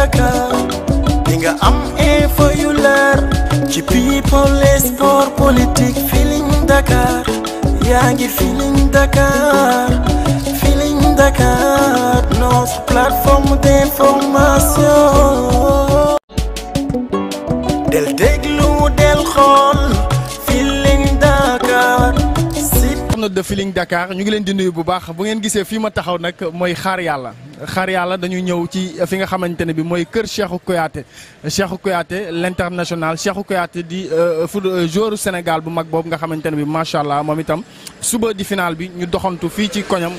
Dakar nga am info yu leer ci people et sport yaa ngi Feeling Dakar Feeling Dakar notre plateforme del déglu del xool internet de Feeling Dakar ñu ngi leen di bu baax bu ngeen gisee ma taxaw nag mooy xaar yàlla xaar yàlla dañu ñëw ci fi nga xamante ne bi mooy kër Cheikhou Kouyaté Cheikhou Kouyaté l'international Cheikhou Kouyaté di euh, euh, joueur Sénégal bu mag boobu nga xamante ne bi macha allah moom itam suba di finaal bi ñu doxantu fii ci koñam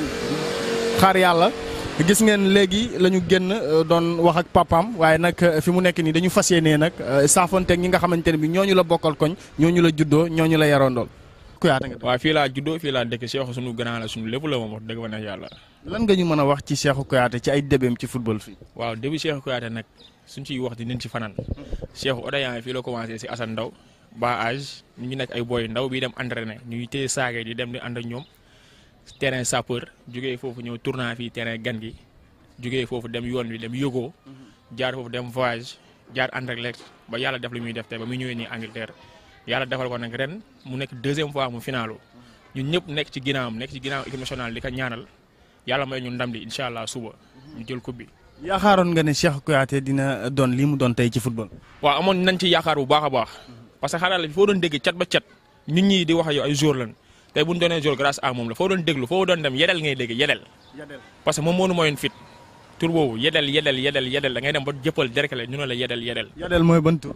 xaar yàlla. gis ngeen léegi lañu génn euh, doon wax ak papaam waaye nag fi mu nekk nii dañu fas yéenee nag saafonteeg ñi nga xamante ne ñoo ñu la bokkal koñ ñoo ñu la juddoo ñu la yaroondool Kouyaté nga. laa juddoo fii laa dëkk Cheikhou sunu grand la sunu lan nga ñu mën a wax ci Cheikhou Kouyaté ci ay débéem ci football fii. waaw début Cheikhou Kouyaté nag suñ ciy wax dinañ ci fanaan. Cheikhou Odeya fii la commencé si Assane Ndaw ba âge ñu ngi nekk ay booy ndaw bi dem entraîné ñuy téye saagay di dem di ànd ak ñoom terrain sapeur jugee foofu ñëw tournant fii terrain gan gi jugee foofu dem yoon bi dem yógoo mhm. jaar foofu dem voyage jaar ànd ak lekk ba yàlla def lu muy def tey ba muy ñëwee nii Angleterre yàlla defal ko nag ren mu nekk deuxième fois mu finaalu ñun ñëpp nekk ci ginnaawam nekk ci ginnaaw équipe nationale di ko ñaanal yàlla may ñu ndam li incha allah suba ñu jël coupe yaakaaroon nga ne Cheikh Kouyaté dina doon lii mu doon tey ci football. waaw amoon nañ ci yaakaar bu baax a baax parce que xanaa foo doon dégg cat ba cat ñun ñii di wax ay jour lan tey bu ñu doonee jour grâce à moom la foo doon déglu foo doon dem yedel ngay dégg yedel. parce tur boobu yedel yedel yedel yedel da ngay dem ba jëppal direct la ñu ne la yedel yedel. mooy ban tur.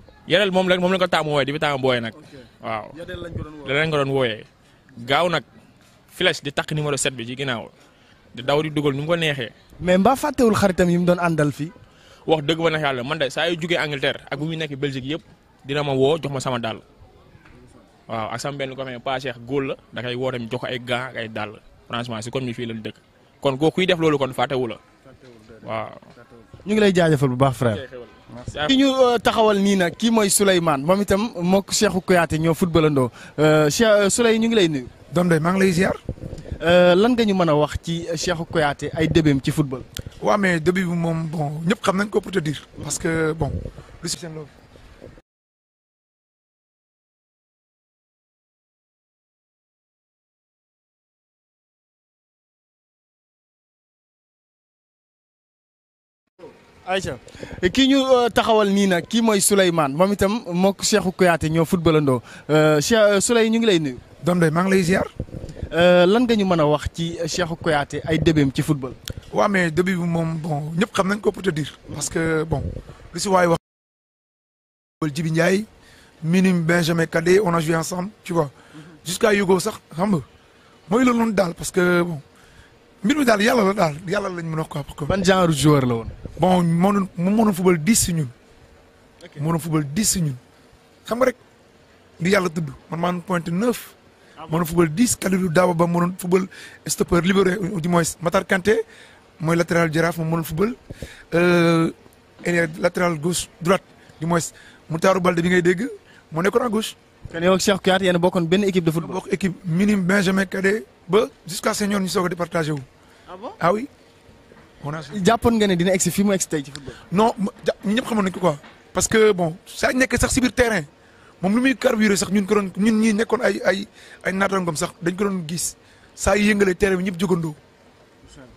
moom la moom ko taamu wooyee di bi taamu booyee nag. waaw yedel lañ doon wooyee lañ ko doon wooyee. gaaw nag flèche di takk numéro 7 bi ci ginnaaw daw di dugal ni mu ko neexee. mais mbaa fàttewul xaritam yi mu doon àndal fii. wax dëgg ba neex yàlla man de saa yu jugee Angleterre ak bu muy nekk Belgique yëpp dina ma woo jox ma sama dàll. waaw ak sama benn copain Pa Cheikh la da woo tamit jox ko ay gants ak ay dàll franchement si kon koo kuy def loolu waaw ñu ngi lay jaajëfal bu baax frère. ki ñu euh, taxawal nii nag kii mooy Souleymane moom itam mook Cheikhou Kouyaté ñoo footballandoo euh, Cheikh euh, Souley ñu ngi lay nuyu. doom day maa ngi lay ziar. lan nga ñu mën a wax ci Cheikhou Kouyaté ay débéem ci football. waaw mais début bi moom bon ñëpp xam nañ ko pour te dire. parce que bon. ayca kii ñu euh, taxawal nii nag kii mooy Souleymane moom itam mook Cheikhou Kouyaté ñoo footballandoo euh, Cheikh euh, Souley ñu ngi lay nuyu. doom day maa ngi lay ziar. lan nga ñu mën a wax ci Cheikhou Kouyaté ay débéem ci football. waaw mais début bi moom bon ñëpp xam nañ ko pour te dire parce que bon li si waay wax. Jibi Ndiaye minime Benjamin Kadé on a joué ensemble tu vois. Mm-hmm. sax xam nga mooy loolu noonu daal parce que bon. mbir mi daal yàlla la daal yàlla lañ mën a ko wax. ban genre joueur la woon. bon mënoon mu mënoon football dix si ñun. ok mënoon football dix si ñun. xam nga rek di yàlla tudd man maa pointe neuf. Ah mënoon football dix Kalidou Daba ba mënoon football stoppeur libéré du moins Matar Kanté mooy latéral jaraaf moom mënoon football. Euh, latéral gauche droite du moins Moutaaru Balde bi ngay dégg moo nekkoon à gauche. kon yow ak Cheikh Kouyaté yéen a bokkoon benn équipe de football. bokk équipe minime Benjamin Cadet ba jusqu'à senior ñu soog a wu. ah bon ah on a nga ne dina egg si fii mu egg si tey ci football. non ñëpp xamoon ko parce que bon saa nekk sax si biir moom lu muy carburé sax ñun ko doon ñun ñii nekkoon ay ay ay sax dañ ko doon gis saa yu yëngalee terrain bi ñëpp jógandoo.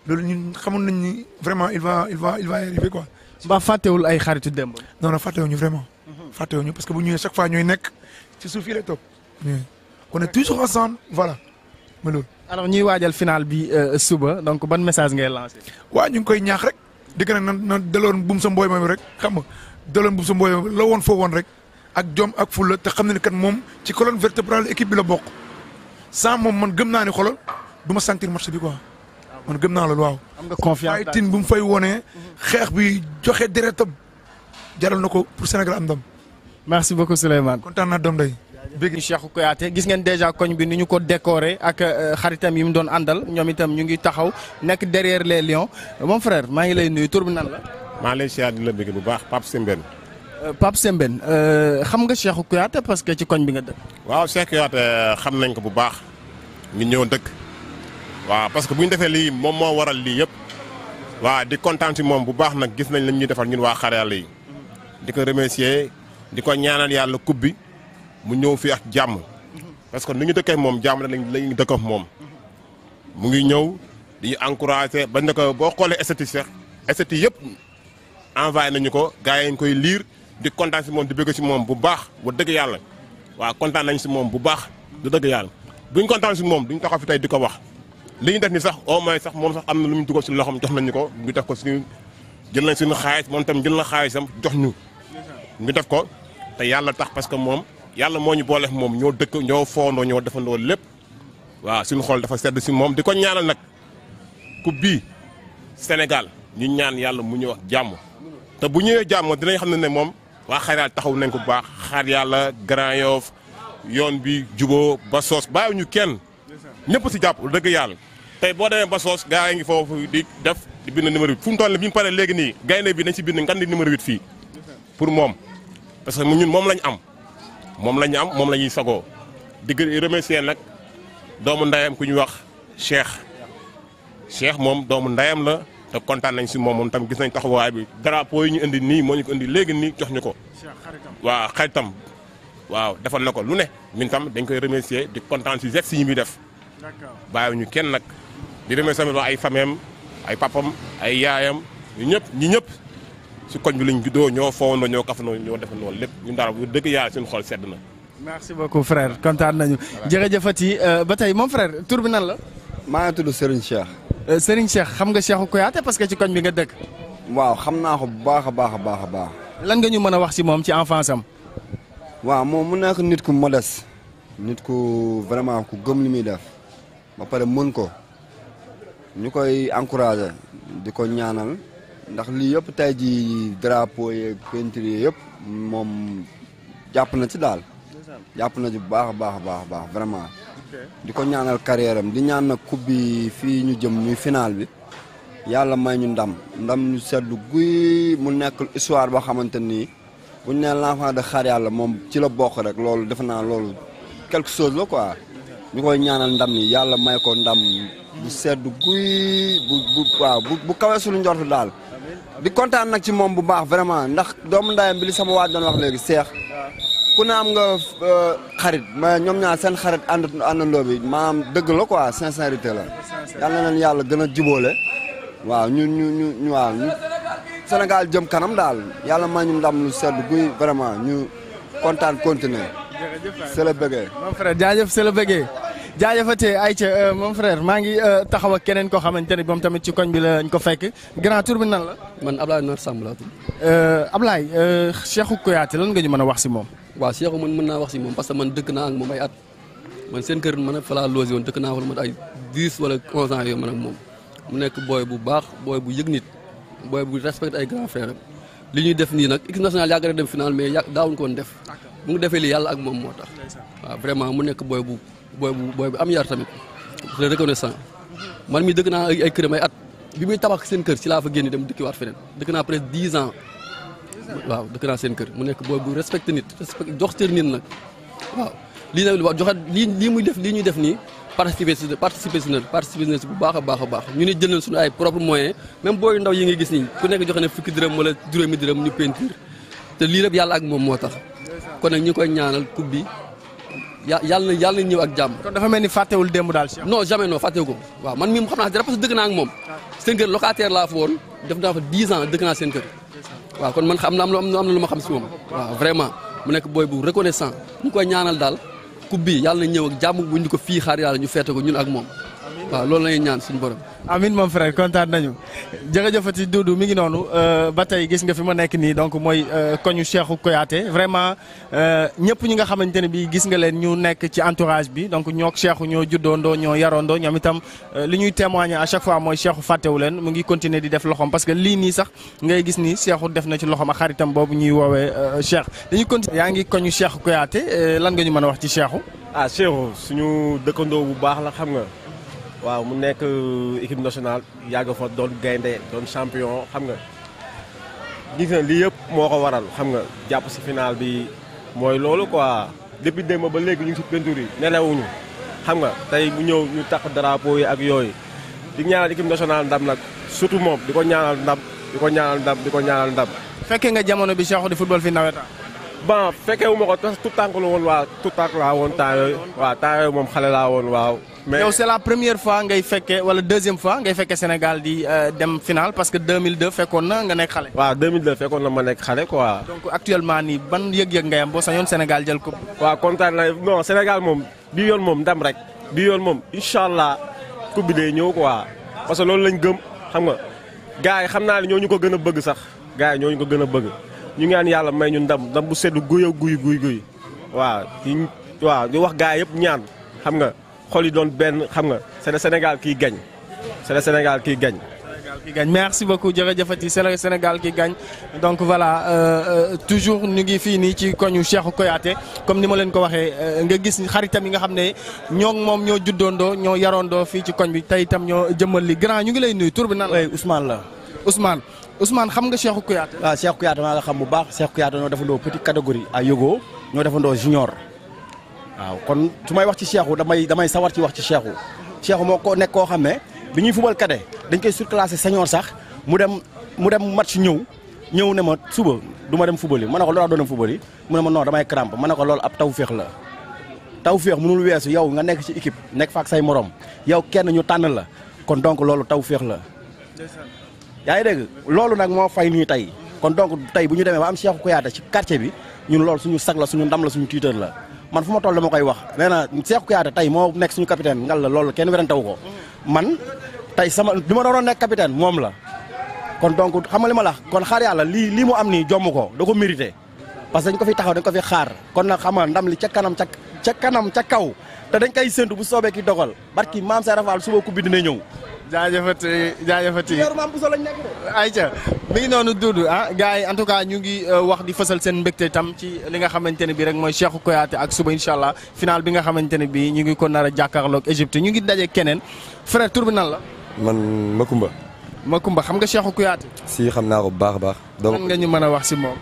loolu ñun xamoon nañ ni vraiment il va il va il va y arriver quoi. mbaa fàttewul ay xaritu démb. non non fàttewuñu vraiment. fàttewuñu parce que bu ñëwee chaque fois ñooy nekk ci suuf yi lay toog. on est toujours ensemble voilà. mënul alors ñuy waajal final bi euh, suba donc ban message ngay lancé. waa ñu ngi koy ñaax rek di ko nag na na daloon bum sa mbooy moom rek xam nga daloon bum sa mbooy moom la woon foo woon rek ak jom ak fulla te xam na ni kat moom ci colonne vertébrale équipe bi la bokk sans moom man gëm naa ni xolal du ma sentir match bi quoi. man gëm naa loolu waaw. am nga confiance fighting bu mu fay wonee xeex bi joxe deretam jaral na ko pour Sénégal am ndam. merci beaucoup Souleymane kontaan naa doom day bëgg ñu Cheikhou Kouyaté gis ngeen déjà koñ bi ni ñu ko décoré ak euh, xaritam yi mu doon àndal ñoom itam ñu ngi taxaw nekk derrière les lions mon frère maa ngi lay nuyu tur bi la. maa lay siyaar di la bëgg bu baax Pape Sembène. Euh, Pape Sembène euh, xam nga Cheikhou Kouyaté parce que ci koñ bi nga dëkk. waaw Cheikh Kouyaté xam nañ ko bu baax ñu ñëw dëkk waaw parce que bu ñu defee lii moom moo waral lii yëpp waaw di kontaan si moom bu baax nag gis nañ lañ ñuy defal ñun waa Xaré Yàlla yi di ko remercier di ko ñaanal yàlla coupe bi. mu ñëw fii ak jàmm parce que nu ñu dëkkee moom jàmm la lañu dëkk ak moom mu ngi ñëw di ñu encouragé boo xoolee esthétique sax yëpp envoyé nañu ko gars yi ñu koy liir di kontaan si moom di bëgg si moom bu baax bu dëgg yàlla waaw kontaan nañ si moom bu baax du dëgg yàlla buñ kontaan si moom duñ taxaw fi tey di ko wax li ñu def ni sax au moins sax moom sax am na lu mu dugal si loxoom jox nañu ko mu ngi def ko suñu jël nañ suñu xaalis moom tam jël na xaalisam jox ñu mu def ko te yàlla tax parce que moom yàlla moo ñu booleef moom ñoo dëkk ñoo foondoo ñoo defandoo lépp waaw suñu xool dafa sedd si moom di ko ñaanal nag ku bii Sénégal ñu ñaan yàlla mu ñu wax jàmm te bu ñëwee jàmm dinañ xam ne ne moom waa xayraat taxaw nañ ko bu baax xaar yàlla Grand Yoff yoon bi juboo ba soos baa ñu kenn ñëpp si jàpp dëgg yàlla tey boo demee ba soos gaa yi ngi foofu di def di bind numéro 8 fu mu toll bi ñu paree léegi nii gaynde bi nañ si bind ngan di numéro 8 fii pour moom parce que ñun moom lañ am moom la ñu am moom la ñuy sagoo di remercier nag doomu ndeyam ku ñuy wax Cheikh Cheikh moom doomu ndeyam la te kontaan nañ si moom moom tam gis nañ taxawaay bi drapeau yi ñu indi nii moo ñu ko indi léegi nii jox ñu ko. waaw xaritam waaw defal na ko lu ne ñun tam dañ koy remercier di kontaan si gestes yi muy def. ñu kenn nag di remercier ay famem ay papam ay yaayam ñëpp ñi ñëpp. si koñ bi lañ juddoo ñoo foowandoo ñoo kafandoo ñoo defandoo lépp ñun daal bu dëgg yàlla suñu xol sedd na. merci beaucoup frère kontaan nañu. jërëjëfati euh, ba tey moom frère tur nan la. maa ngi tudd Serigne Cheikh. Euh, Serigne Cheikh xam nga Cheikhou Kouyaté parce que ci koñ bi nga dëkk. waaw xam naa ko bu baax a baax a baax a baax. lan nga ñu mën a wax si moom ci enfance am. waaw moom mu nekk nit ku modeste. nit ku vraiment ku gëm li muy def. ba pare mën ko. ñu koy encouragé. di ko ñaanal. ndax lii yëpp tey jii drapeau yeeg peinture yëpp moom jàpp na ci daal. jàpp na ci bu baax a baax a baax vraiment. di ko ñaanal carrière di ñaan nag coupe bi fii ñu jëm muy final bi. yàlla may ñu ndam ndam ñu seddu guy mu nekk histoire boo xamante nii bu ñu nee l'enfant de xaar yàlla moom ci la bokk rek loolu defe naa loolu quelque chose la ko ñu koy ñaanal ndam yi yàlla may ko ndam bu seddu guy bu bu waaw bu bu kawee njort daal di kontaan nag ci moom bu baax vraiment ndax doomu ndaayam bi li sama waaj doon wax léegi seex ku ne am nga euh, xarit ma ñoom ñaar seen xarit ànd àndandoo bi maanaam dëgg la quoi rite la yal na leen yàlla gën a jubóole waaw ñu ñu ñu ñu waaw ñu jëm kanam daal yàlla ma ñu ndam lu sedd guy vraiment ñu kontaan continuer c'est le bëggee mon frère jaajëf jaajëfatee Aïcha euh, mon frère maa ngi euh, taxaw ak keneen koo xamante ne moom tamit ci koñ bi lañ ko fekk grand tour bi nan la. man Ablaye Noor Samb laa tudd. Euh, Ablaye Cheikhou Kouyaté lan nga ñu mën a wax si moom. waaw Cheikhou man mën naa wax si moom parce que man dëkk naa ak moom ay at man seen kër man a laa logé woon dëkk naa wala man ay 10 wala 11 ans yooyu man ak moom mu nekk booy bu baax booy bu yëg nit booy bu respecté ay grand frère li ñuy def nii nag équipe nationale yàgg na dem final mais yàgg daawuñ ko woon def bu li yàlla ak moom moo tax vraiment mu nekk booy bu. booy bu booy bu am yar tamit très reconnaissant man mi dëkk naa ay këram ay at bi muy tabax seen kër si laa fa génn dem dëkkiwaat feneen dëkk naa presque dix ans waaw dëkk naa seen kër mu nekk booy bu respecte nit respecté jox cër nit nag waaw lii nag wax joxe lii lii muy def lii ñuy def nii participer si participer si si na bu baax a baax a baax ñu ni jël nañ suñu ay propre moyen même booy ndaw yi nga gis nii ku nekk jox na fukki dërëm wala juróomi dërëm ñu peinture te lii lépp yàlla ak moom moo tax kon nag ñu koy ñaanal coupe bi yàlla yàlla ñëw ak jàmm. kon dafa mel ni fàttewul démb daal si. non jamais non ko waaw man mii xam naa dara parce que dëkk naa ak moom. seen kër locataire laa fa def naa fa 10 ans dëkk naa seen kër. waaw kon man xam am na lu ma xam si moom. waaw vraiment mu nekk booy bu reconnaissant ñu koy ñaanal daal coupe bi yàlla na ñëw ak jàmm bu ñu ko fii xaar yàlla ñu feete ko ñun ak moom waaw loolu la ñaan suñu borom. amin mon frère kontaan nañu jërëjëfati Doudou mi ngi noonu euh, ba tey gis nga fi ma nekk nii donc mooy euh, koñu Cheikhou Kouyaté vraiment euh, ñëpp ñi nga xamante ne bii gis nga leen ñu nekk ci entourage bi donc ñoo Cheikhou ñoo juddoondoo ñoo yaroondoo ñoom itam li ñuy témoigner à chaque fois mooy Cheikhou fàttewu leen mu ngi continuer di def loxoom parce que lii ngay gis nii Cheikhou def na ci loxoom ak xaritam boobu ñuy woowee Cheikh dañuy continuer yaa ngi koñu Cheikhou Kouyaté lan nga ñu mën a wax ci Cheikhou. ah Cheikhou suñu dëkkandoo bu baax la xam nga waaw mu nekk euh, équipe nationale yàgg fa doon gaynde doon champion xam nga gis na lii yëpp moo ko waral xam nga jàpp si final bi mooy loolu quoi depuis démb ba léegi ñu ngi si pentuur nelewuñu xam nga tey bu ñëw ñu takk drapeau yi ak yooyu di ñaanal équipe nationale ndam nag surtout moom di ko ñaanal ndam di ko ñaanal ndam di ko ñaanal ndam. fekkee nga jamono bi Cheikhou di football fi nawetaan. bon fekkee wu ma ko parce que tout la woon waa tout tànk laa woon temps yooyu. waaw temps moom xale laa woon waaw. mais yow la première fois ngay fekkee wala deuxième fois ngay fekkee Sénégal di euh, dem finale parce que 2002 fekkoon na nga nekk xale. waaw 2002 fekkoon na ma nekk xale quoi. donc actuellement nii ban yëg-yëg ngay am boo sañoon Sénégal jël coupe. waaw kontaan naa non Sénégal moom bi yoon moom ndam rek bi yoon moom incha allah coupe bi day ñëw waa parce que loolu lañ gëm xam nga gars yi xam naa ne ñoo ñu ko gën a bëgg sax gars yi ñoo ñu ko gën a bëgg ñu ngi yàlla may ñu ndam ndam bu sedd guy guy guy guy waaw di waaw wax gars yëpp ñaan xam nga xol yi doon benn xam nga c'est le Sénégal qui gagne c'est le Sénégal qui gagne. merci beaucoup jërëjëfati c'est le Sénégal qui gagne donc voilà euh, euh, toujours ñu ngi fii nii ci koñu Cheikhou koyaate comme ni ma leen ko waxee euh, nga gis xaritam yi nga xam ne ñoo moom ñoo juddoondoo ñoo yaroondoo fii ci koñ bi tey itam ñoo jëmmal li grand ñu ngi lay nuyu tour bi nan lay Ousmane la Ousmane Ousmane xam nga Cheikhou Kouyaté waaw ah, Cheikhou Kouyaté maa nga xam bu baax Cheikhou Kouyaté ñoo defandoo petite catégorie a Yogo ñoo defandoo junior waaw kon su may wax ci Cheikhou damay damay sawar ci wax ci Cheikhou Cheikhou moo ko nekk koo xam ne bi ñuy fubal cadet dañ koy surclassé senior sax mu dem mu dem match ñëw ñëw ne ma suba du ma dem fubali ma ne ko loolu doo dem fubali mu ma non damay crampe ma ne ko loolu ab taw féex la taw féex mënul weesu yow nga nekk ci équipe nekk faak say morom yow kenn ñu tànn la kon donc loolu taw féex la yaa ngi dégg loolu nag moo fay nii tey kon donc tey bu ñu demee ba am Cheikhou Kouyaté ci quartier bi ñun loolu suñu sag suñu ndam la suñu tiitar la man fu ma toll moo koy wax nee na Cheikhou Kouyaté tey moo nekk suñu capitaine ngal la loolu kenn werantewu ko man tey sama bi ma doon nekk capitaine moom la kon donc xam nga ma la kon xaar yàlla lii lii mu am nii jomm ko da ko mérité parce que dañ ko fi taxaw dañ ko fi xaar kon na xamaa ndam li ca kanam ca ca kanam ca kaw te dañ koy séntu bu soobee ki dogal barki maam sa rafal suba kubbi dina ñëw jaajëfati ay ayca mi ngi noonu Doudou ah gars yi en tout cas ñu ngi euh, wax di fësal seen mbégte tam ci li nga xamante ne bi rek mooy Cheikhou Kouyaté ak suba incha allah final bi nga xamante ne bi ñu ngi ko nara a jàkkaarloog ñu ngi daje keneen frère tur bi nan la man ma ma Makumba xam nga Cheikhou Kouyaté si xam naa ko bu baax a baax lan nga ñu mën a wax si moom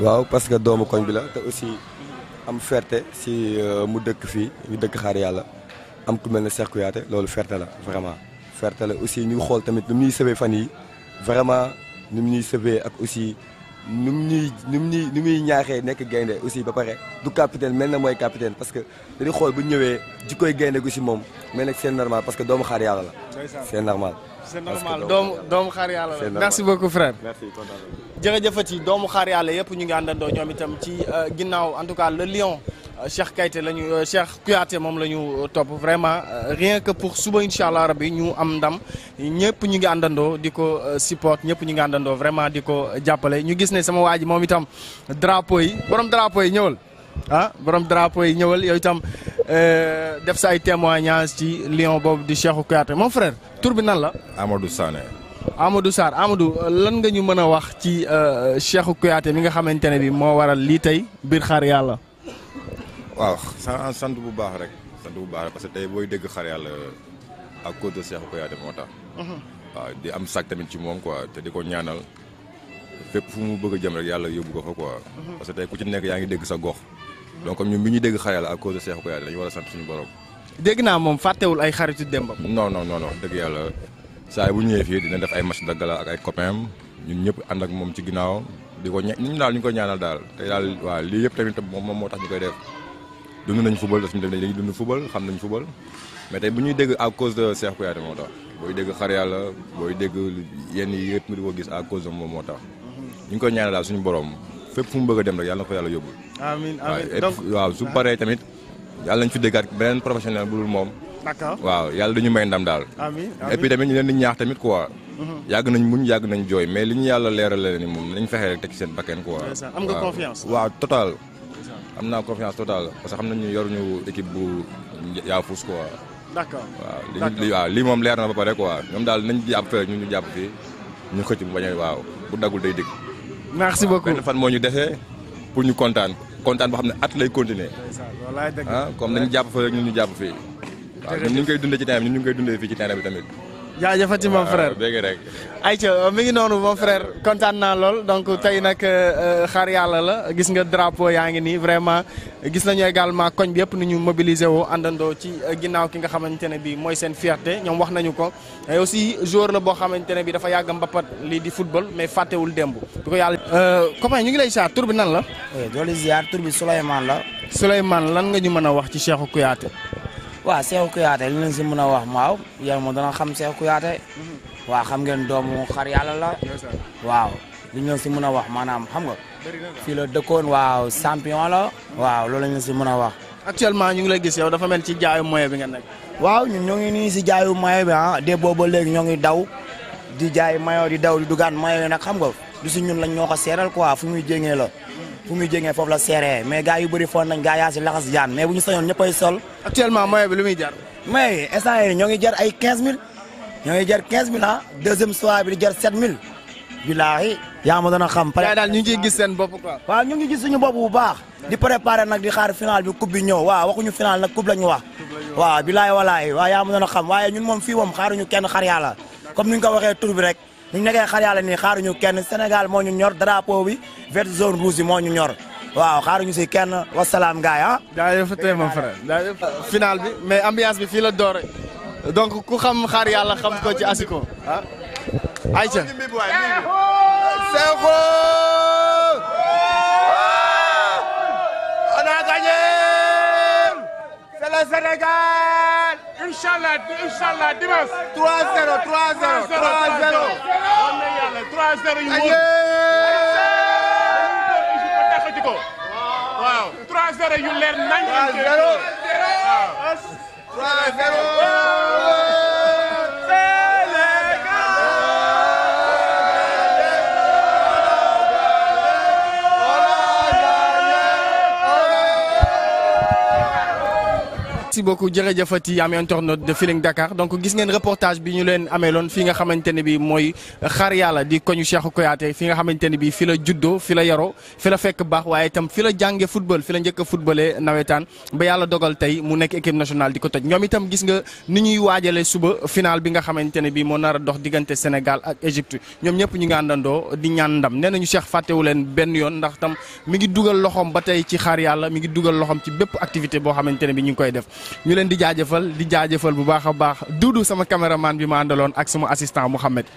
waaw parce que doomu koñ bi la te aussi am fierté si euh, mu dëkk fii ñu dëkk xaar yàlla am ku mel ne Cheikh loolu fierté la vraiment offerte la aussi ñu xool tamit nu mu ñuy sauver fan yi vraiment nu mu ñuy sauver ak aussi nu mu ñuy mu ñuy nu muy ñaaxee nekk gaynde aussi ba pare du capitaine mel na mooy capitaine parce que dañuy xool bu ñëwee jikkooy gaynde gu si moom mais nag c'est normal parce que doomu xaar yàlla la c'est normal c'est doomu doomu la merci beaucoup frère merci jërëjëfati doomu xaar yàlla yëpp ñu ngi àndandoo ñoom itam ci euh, ginnaaw en tout cas le lion Euh, Cheikh Kayte la ñu euh, Cheikh Kouyaté moom la ñu euh, topp vraiment rien que pour suba incha allah rab bi ñu am ndam ñëpp ñu ngi àndandoo di ko support ñëpp ñu ngi àndandoo vraiment di ko jàppale ñu gis ne sama waa ji moom itam drapeau yi borom drapeau yi ñëwal ah borom drapeau yi ñëwal yow itam def sa ay témoignages ci lion boobu di Cheikh Kouyaté mon frère tur bi la. Amadou Sané. Amadou Sarr Amadou lan nga ñu mën a wax ci Cheikh Kouyaté mi nga xamante ne bi moo waral lii tey biir xaar yàlla. waaw sant sant bu baax rek sant bu baax rek parce que tey booy dégg xar yàlla à cause de Cheikhou moo tax. Mhm. waaw di am sac tamit ci moom quoi te ko ñaanal fépp fu mu bëgg yàlla yóbbu ko fa quoi. Mhm. parce yaa ngi dégg sa gox. donc ñun bi ñu dégg xar yàlla à cause de Cheikhou Kouyaté dañu war a sant suñu borom. dégg naa moom fàttewul ay xaritu dembam. non non non non dëgg yàlla saa bu ñëwee fii dina def ay match daggala ak ay copains ñun moom ci ginnaaw di ko ña daal ñu ko ñaanal daal te daal waaw lii yëpp tamit moom moo tax ñu koy def dund nañ football ñu def dañuy dund football xam nañ football mais tey bu ñuy dégg à cause de Cheikh Kouyaté moo tax booy dégg xar yàlla booy dégg yenn yi yëpp di ko gis à cause de moom moo tax mhm. ñu koy ñaanal daal suñu borom fépp fu mu bëgg a dem rek yàlla na ko yàlla yóbbu. amiin amiin donc waaw su paree tamit yàlla nañ fi déggaat beneen professionnel bu dul moom. d'accord waaw yàlla dañu may ndam daal. amiin tamit ñu leen di ñaax tamit quoi. Mhm. yàgg nañ muñ yàgg nañ jooy mais li ñu yàlla leeral leen ni moom nañ fexe rek seen bakkan quoi. am naa confiance totale parce que xam nañu yoruñu équipe bu yaafus quoi. d'accord waaw li lii moom leer na ba pare quoi ñoom daal nañ jàpp fee ñu ñu jàpp fii ñu xëcc mu bañ a waaw bu dagul day dégg. merci beaucoup benn fan moo ñu desee pour ñu kontaan kontaan boo xam ne at lay continuer. Ah, comme nañu jàpp fee ñu ñu jàpp fii. waaw ñun ñu ngi koy dundee ci terrain bi ñu koy dundee fii ci terrain tamit. jaajëfati mon frère dégg rek. ayca mi ngi noonu mon frère kontaan naa lool donc tey nag euh, euh, xar yàlla la gis nga drapo yaa ngi nii vraiment gis nañu également koñ bi yëpp nu ñu mobiliser woo àndandoo ci euh, ginnaaw ki nga xamante ne bii mooy seen fierté ñoom wax nañu ko. mais aussi joueur la boo xamante ne bii dafa yàgg mbappat lii di football mais fàttewul démb. bu ko yàlla. copain ñu ngi lay ziar tur bi nan la. oui doole ziar tur bi Souleymane la. Souleymane lan nga ñu mën a wax ci Cheikhou Kouyaté. waaw Cheikhou Kouyaté li leen si mën a wax maaw yéen moom dana xam Cheikhou Kouyaté mm-hmm. waa xam ngeen doomu xar yàlla la waaw li ñu si mun a wax maanaam xam nga fii la dëkkoon waaw champion la waaw loolu la ñu si mun a wax actuellement ñu ngi lay gis yow dafa mel ci jaayu moyen bi nga nekk waaw ñu ñoo ngi nii si jaayu mayo bi ah dé booba léegi ñoo ngi daw di jaay mayo di daw di dugaan mayo yi nag xam nga du si ñun lañ ñoo ko seeral quoi fu muy jéngee la fu muy jógee foofu la seeree mais gars yu bëri foon nañ gars yaa si laxas jaan mais bu ñu sañoon ñëppay sol. actuellement moyen bi lu muy jar. mais instant yii ñoo ngi jar ay 15000 ñoo ngi jar mil ah deuxième soirée bi di jar 7000. bilaahi yaa ma doon xam. pare daal ñu ngi gis seen bopp quoi. waaw ñu ngi gis suñu bu baax. di préparer nag di xaar final bi coupe bi ñëw waaw waxuñu final nag coupe la ñu wax. waaw bilaahi walaahi waaw yaa ma doon xam waaye ñun moom fii moom xaaruñu kenn xar yàlla. comme ni ñu ko waxee tur bi rek. ñu nekkee xar nii xaaruñu kenn Sénégal moo ñu ñor drapeau bi vert zone rouge moo ñu ñor waaw xaaruñu si kenn wasalaam gaay ah. jaajëf bi mais ambiance bi fii la doore donc ku xam xaar xam ko asiko ah. Aïcha. On a gagné c'est le 3-0 yu wóor. dañuy ko waaw leer nañ. 3-0 waaw. 3-0. si merci beaucoup jërëjëfati am internaute de Feeling Dakar donc gis ngeen reportage bi ñu leen ameeloon fi nga xamante ne bi mooy xar yàlla di koñu Cheikhou Kouyaté fi nga xamante ne bi fi la juddoo fi la yaroo fi la fekk baax waaye itam fi la jànge football fi la njëkk a footballé nawetaan ba yàlla dogal tey mu nekk équipe nationale di ko toj ñoom itam gis nga ni ñuy waajale suba finaal bi nga xamante ne bi moo nar a dox diggante Sénégal ak Égypte ñoom ñëpp ñu ngi àndandoo di ñaan ndam nee nañu Cheikh fàttewu leen benn yoon ndax mi ngi dugal loxoom ba tey ci xar mi ngi dugal loxoom ci bépp activité boo xamante ne bi ñu ngi koy def ñu leen di jaajëfal di jaajëfal bu baax a baax Duudu sama caméraman bi ma àndaloon ak sama assistant Mouhamed